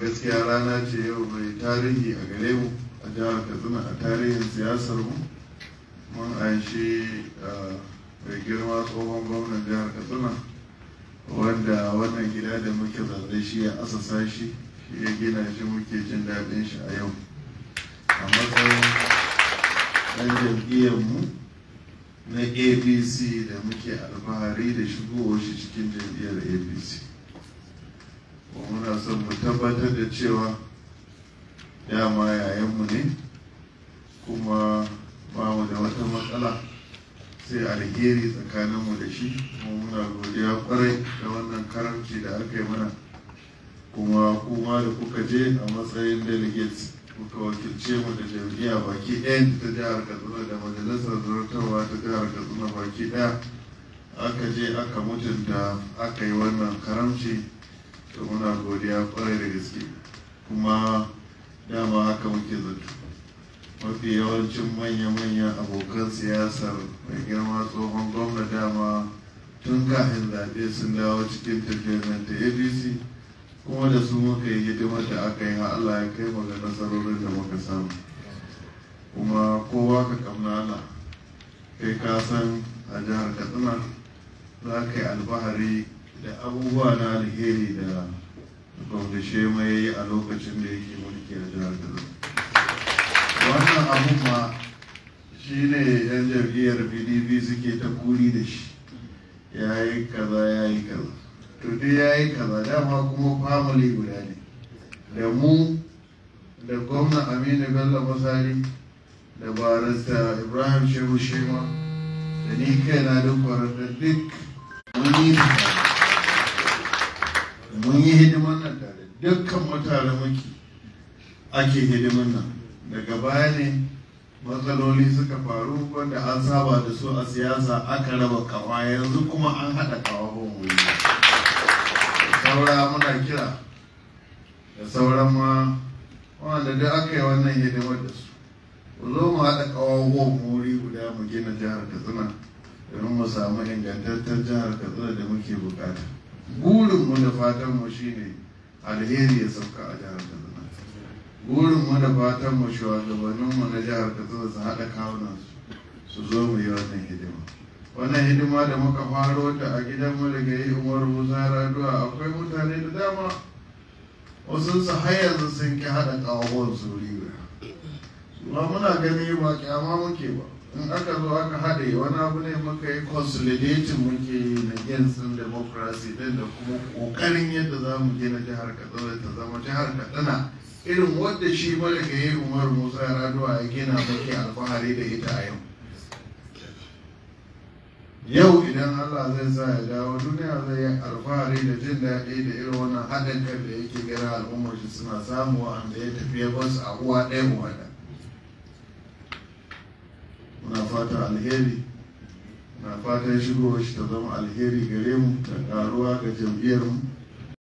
gaskiya rana ce yau mai tarihi a gare mu a jihar katsina a tarihin siyasar mu mun shi ah, mai girma tsohon gwamnan jihar katsina wanda wannan gida da muke zaune shi ya asasa shi shi ya gina shi muke jin daɗin shi a yau a matsayin ɗan jam'iyyar mu na apc da muke alfahari da shigowar shi cikin jam'iyyar apc son mu tabbatar da cewa dama yayanmu ne kuma ba mu da wata matsala sai alheri tsakaninmu da shi kuma muna godiya kwarai da wannan karamci da aka yi mana kuma kuma da kuka je a matsayin delegates kuka wakilce mu da jam'iyya baki ɗaya ta jihar katsina da majalisar zartarwa ta jihar katsina baki ɗaya aka je aka mutunta aka yi wannan karamci godiya kwarai da gaske kuma dama haka muke zato mafi yawancin manya manya abokan siyasar mai girma tsohon gwamna dama tun kafin zaɓe sun dawo cikin tafiyar nan ta abc kuma da su muka yi hidimar da aka yi Allah ya kai mu nasarorin da muka samu kuma kowa ka ana kai ka san a jihar katsina za ka yi albahari da abubuwa na alheri da gwamna shema ya yi a lokacin da yake mulki a jihar kano wannan abun ma shi ne yan jam'iyyar pdp suke ta kuri da shi ya yi kaza ya yi kaza to dai ya yi kaza dama kuma family guda ne da mu da gwamna aminu bello masari da barista ibrahim shehu shema da ni kaina duk kwarar duk mun yi hidimar hidiman dukkan mutane muke ake hidimin nan daga baya ne matsaloli suka faru wanda an saba da su a siyasa aka raba kawa yanzu kuma an haɗa kawa wuri saura muna kira da sauran ma wanda duk aka yi wannan hidimar da su ku zo mu haɗa kawo wuri guda mu gina jihar katsina domin mu samu ingantattar jihar katsina da muke bukata mu da fatanmu shine alheri ya sauka a jihar katsina burin mu da fatan mu shugabannin mu na jihar katsina su haɗa kawunan su zo mu yi wannan hidima wannan hidima da muka faro ta a gidan mu daga yi umar musara duwa akwai mutane da dama wasu su har yanzu sun ki haɗa kawunan su riba ba muna gani ba kyama muke ba in aka zo aka haɗe wani abu ne muka yi consolidating muke yi na yin sun demokrasi din da kuma kokarin yadda za mu gina jihar katsina ta zama jihar katsina irin wanda shi malaka ya umar musa raduwa ya gina muke alfahari da ita a yau yau idan allah zai sa ya dawo duniya zai yi alfahari da jin daɗi da irin wannan haɗin kan da yake gina al'ummar shi suna samu wanda ya tafi ya basu a uwa ɗaya mu muna fata alheri na fatan shigo shi ta zama alheri gare mu da karuwa ga jam'iyyar mu